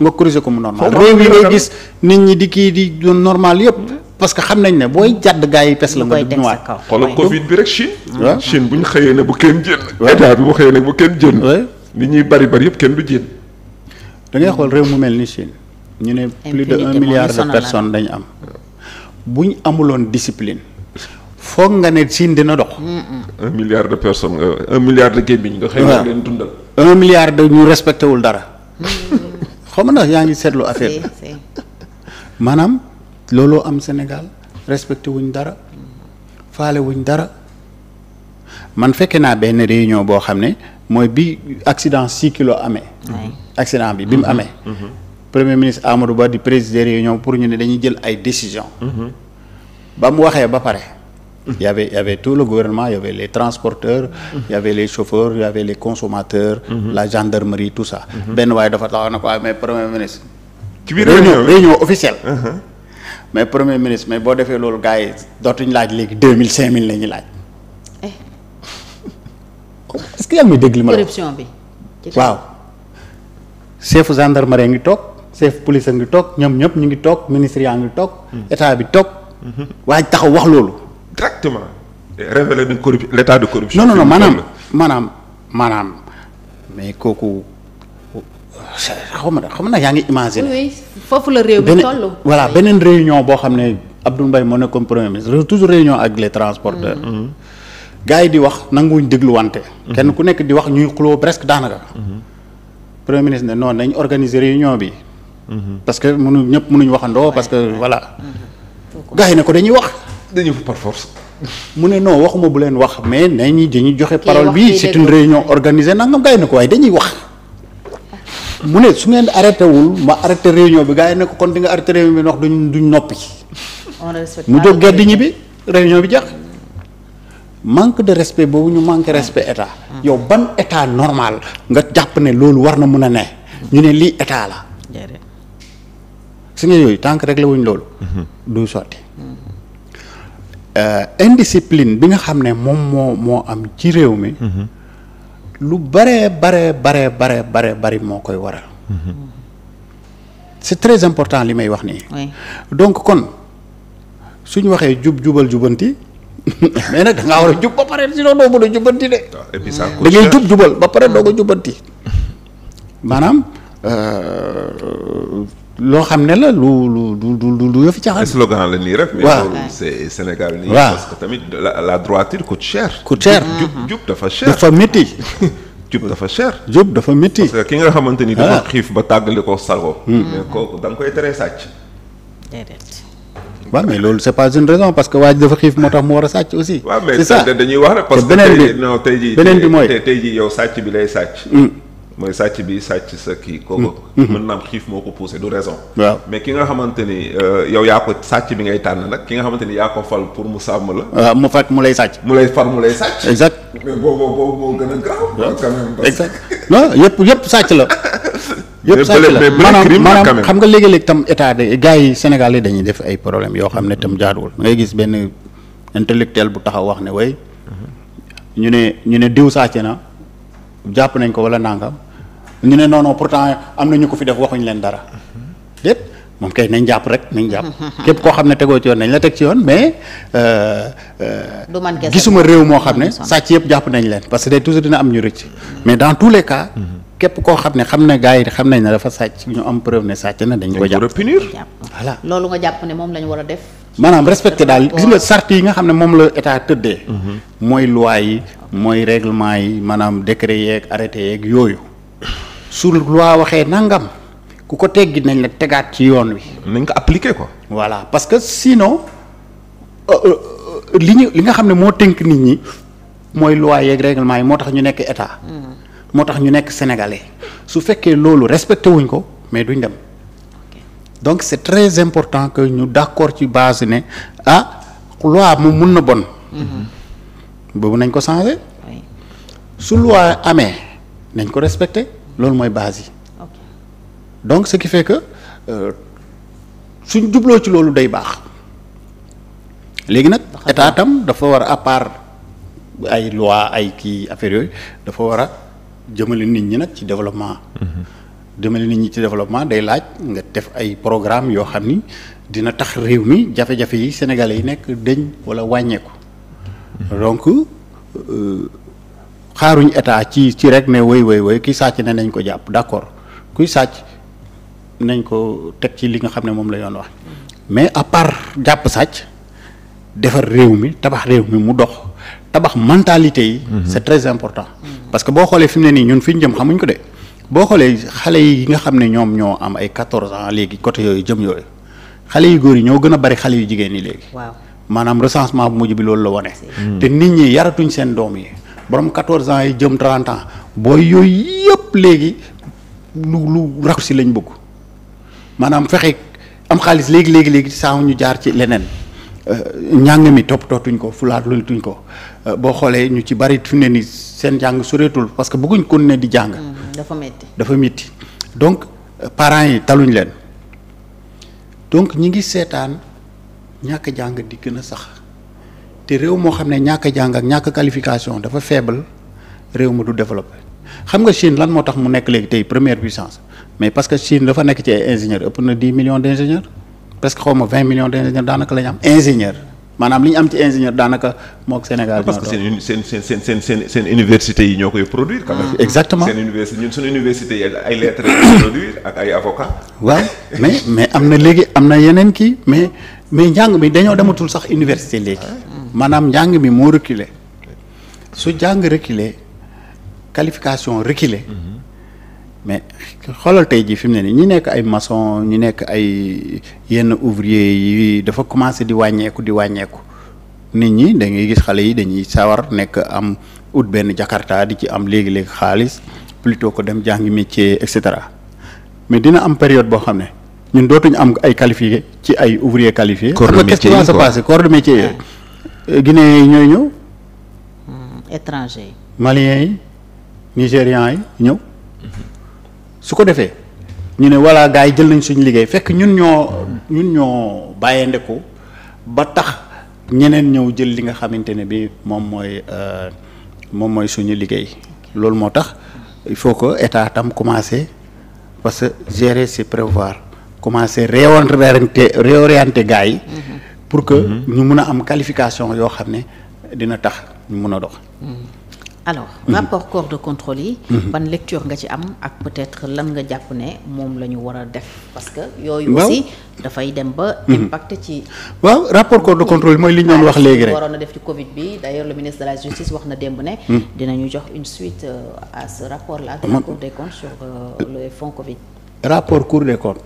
nga corriger ko mu normal réew yi ngay gis nit ñi di kii di normal yëpp mm. parce que xam nañ ne booy jàdd gaa yi pes la nga du ñëwaat xoolal covid bi rek Chine waaw bu ñu xëyee ne bu kenn jënd état bi bu xëyee bu kenn jënd nit ñuy bari bari yëpp kenn du jënd da ngay xool réew mu mel ni Chine ñu ne plus de un milliard de personnes dañu am bu ñu amuloon discipline foog nga ne Chine dina dox un milliard de personnes nga un milliard de gémmiñ nga xëy leen dundal un milliard de ñu respecté wul dara xaw ma ndax yaa ngi seetlu affaire maanaam looloo am Sénégal respecté wuñ dara faale dara man fekkee naa benn réunion boo xam ne mooy bi accident six kilo amee. accident bi bi mu mm-hmm. amee. Mm-hmm. premier ministre Amadou Ba di présider réunion pour ñu ne dañuy jël ay décision mm-hmm. ba waxee ba pare. il y avait il tout le gouvernement il y avait les transporteurs il y avait les chauffeurs il y avait les consommateurs mhm. la gendarmerie tout ça mhm. benn waaye dafa taxaw na ko ah, mais premier ministre ci biir mhm. mais premier ministre mais boo defee loolu gars yi dootuñu laaj léegi deux mille cinq mille la ñuy laaj eh. que yaa ngi may dégg ma la waaw chefu gendarmerie ngi toog chef police a ngi toog ñoom ñëpp ñu ngi toog ministre yaa ngi toog état bi toog waaye taxaw wax loolu directement révélé une corruption l'état de corruption. non non non maanaam maanaam mais kooku xaw ma xaw ma nag yaa ngi imaginer. oui foofu la réew mi toll. voilà beneen réunion boo xam ne Abdoul Mbaye moo nekkoon premier ministre toujours réunion ak les transporteurs. Mm-hmm. Mm-hmm. gars yi di wax nanguwuñ dégluwante. Mm-hmm. kenn ku nekk di wax ñuy xuloo presque daanaka. premier ministre ne non nañ organiser réunion bi. parce que mënu ñëpp mënuñ waxandoo parce que voilà. gars yi ne ko dañuy wax. dañu fa par force. mu ne non waxuma bu leen wax mais nañu ñu joxe parole bi c'est une réunion organisée nangam gars yi ne ko waaye dañuy wax. mu ne su ngeen arrêté wul ma arrêté réunion bi gars yi ne ko kon di nga arrêté réunion bi wax duñ duñ noppi. mu jóg gedd ñi bi réunion bi jax manque de respect boobu ñu manque respect état. Hmm. yow ban état normal nga jàpp ne loolu war na mun a ne. ñu ne lii état la. su ngeen yooyu tànk que réglé wuñ loolu. Hmm. du sotti. Hmm. Euh, indiscipline bi nga xam ne moom moo moo am ci réew mi mhm. lu bare bare bare bare bare bari moo koy waral mhm. c'est très important li may wax nii donc kon suñu waxee jub jubal jubanti mais nag da ngaa war a jub ba pare ah, jub jubal ba pare doo ko mhm. jubanti maanaam euh, loo xam ne la lu lu du du du du yëfi caaxaan. slogan la nii rek. waaw mais loolu c'est Sénégal nii. waaw parce que tamit la la droiture coûte cher. coûte cher jub jub dafa cher. dafa métti. jub dafa cher. jub dafa métti. parce que ki nga xamante ni dafa ah. xiif ba tàggali ko sago. Hmm. mais kooku da nga koy teree sàcc. déedéet. waaw mais loolu c'est pas une raison parce que waa ji dafa xiif moo tax mu war a sàcc aussi. c'est ça waaw mais dañuy wax rek parce que beneen bi non tey jii beneen bi mooy tey jii yow sàcc bi lay sàcc. Hmm. mooy sàcc bi sàcc sa kii kooku mm-hmm. mën naa xiif moo ko poussé du raison waaw mais ki nga xamante ni euh, yow yaa ko sàcc bi ngay tànn nag ki nga xamante ni yaa ko fal pour mu sàmm la waaw ah, mu fekk mu lay sàcc mu lay far mu lay sàcc exact mais boobu a grave quand sàcc la yëpp sàcc la maanaam maanaam xam nga léegi-léeg tam état de gars yi Sénégal yi dañuy def ay problème yoo xam ne tam jaaduwul ngay gis benn intellectuel bu taxaw wax ne way mm-hmm. ñu ne ñu ne diw sàcc na jàpp nañ ko wala nangam ñu ne non non pourtant am na ñu ko fi def waxuñ leen dara déet moom kay nañ jàpp rek nañ jàpp. képp koo xam ne tegoo ci yoon nañ la teg ci yoon mais. Euh, euh, du man kese gisuma réew moo xam ne sàcc yëpp jàpp nañ leen parce que day dina am ñu rëcc. mais dans tous les cas. Mm-hmm. képp koo xam ne xam ne gars yi xam nañ ne dafa sàcc ñu am preuve ne sàcc na dañ ko jàpp dañ ko punir loolu nga jàpp ne moom lañ war a def. maanaam respecté daal gis nga sart yi nga xam ne moom la état tëddee. Mm-hmm. mooy loi yi mooy réglement yi maanaam décret yeeg arrêté yeeg yooyu. su loi waxee nangam ku ko teggi nañ la tegaat ci yoon wi. nañ ko appliquer ko. voilà parce que sinon euh, euh, euh, li ñu li nga xam ne moo tënk nit ñi mooy loi yeeg règlement yi moo tax ñu nekk état. Mm. moo tax ñu nekk sénégalais su fekkee loolu respecté wuñ ko mais duñ dem donc c'est très important que ñu d'accord ci base ne ah loi mu mun na bon. Mm-hmm. boobu nañ ko changer. su loi amee nañ ko respecté. loolu mooy base yi. donc ce qui fait que euh, suñ jubloo ci loolu day baax léegi nag. état dafa war a à part ay loi ay kii affaire yooyu dafa war a jëmale nit ñi nag ci développement. Mm-hmm. jëmale nit ñi ci développement day laaj nga def ay programme yoo xam ni dina tax réew mi jafe-jafe yi sénégalais yi nekk dëñ walla wàññeeku euh, xaaruñ état ci ci rek ne woy woy woy kuy sàcc ne nañ ko jàpp d'accord kuy sàcc nañ ko teg ci li nga xam ne moom la yoon wax mais à part jàpp sàcc defar réew mi tabax réew mi mu dox tabax mentalité yi. Mhm. c'est très important. parce que boo xoolee fi mu ne nii ñun fi jëm xamuñ ko de boo xoolee xale yi nga xam ne ñoom ñoo am ay quatorze ans léegi côté yooyu jëm yooyu xale yu góor yi ñoo gën a bari xale yu jigéen yi léegi. waaw maanaam recensement bu mujj bi loolu la wone te nit ñi yaratuñ seen yi. borom 14 ans yi jëm 30 ans booy yooyu yëpp léegi lu lu si lañ bëgg maanaam fexe am xaalis léegi léegi léegi saa ñu jaar ci leneen euh, njàng mi toppatootuñ ko fulaatuñ ko euh, boo xoolee ñu ci bari fi ni seen njàng soreetul parce que bëgguñ kon ne di jàng. Mm, dafa metti dafa metti donc euh, parents yi taluñ leen donc ñi ngi seetaan ñàkk jàng di gën a sax. te réew moo xam ne ñàkk jàng ak ñàkk qualification dafa faible réew mu du développé xam nga Chine lan moo tax mu nekk léegi tey première puissance mais parce que Chine dafa nekk ci ay ingénieurs ëpp na dix millions d' ingénieurs presque xaw ma vingt millions d' daanaka la ingénieur maanaam li ñu am ci ingénieur daanaka moo ak Sénégal. parce que seen seen seen seen seen seen université yi ñoo koy produire. quand même exactement seen université ñun suñu université yi ay lettres yi produire ak ay mais mais am na léegi am na yeneen kii mais mais njàng mi dañoo dematul sax université léegi. maanaam njàng mi moo reculer su jàng reculer qualification reculer mais xoolal tey jii fi mu ne nii ñu nekk ay maçon ñu nekk ay yenn ouvrier yi dafa commencé di wàññeeku di wàññeeku nit ñi da ngay gis xale yi dañuy sawar nekk am ut benn jakarta di ci am léegi léeg xaalis plutôt ko dem jàng métier et cetera mais dina am période boo xam ne ñun dootuñu am ay qualifié ci ay ouvrier qualifié. corps de métier yi yooyu. guinéens yi ñooy ñëw. Hmm, étranger yi. maliens yi nigérians yi ñëw mm-hmm. su ko defee ñu ne voilà gars yi jël nañ suñu liggéey fekk ñun ñoo ñun ñoo bàyyee bàyyeendeku ba tax ñeneen ñëw jël li nga xamante ne bi moom mooy euh, moom mooy suñu liggéey loolu moo tax il faut que état tam commencer parce que gérer c'est prévoir commencer réorienter réorienter gars yi. Mm-hmm. pour que mhm. ñu mun a am qualification yoo xam ne dina tax ñu mun a dox. Mhm. alors mhm. rapport corps de contrôle yi. ban lecture nga ci am ak peut-être lan nga jàpp ne moom la ñu war a def. parce que yooyu aussi dafay dem ba. impacté ci. waaw rapport corps de contrôle mooy li ñu wax léegi rek. waroon na def ci Covid bi day le ministre de la justice wax na démb ne. dina dinañu jox une suite euh, à ce rapport là. de la cour des comptes sur euh, le fonds Covid. rapport cour des comptes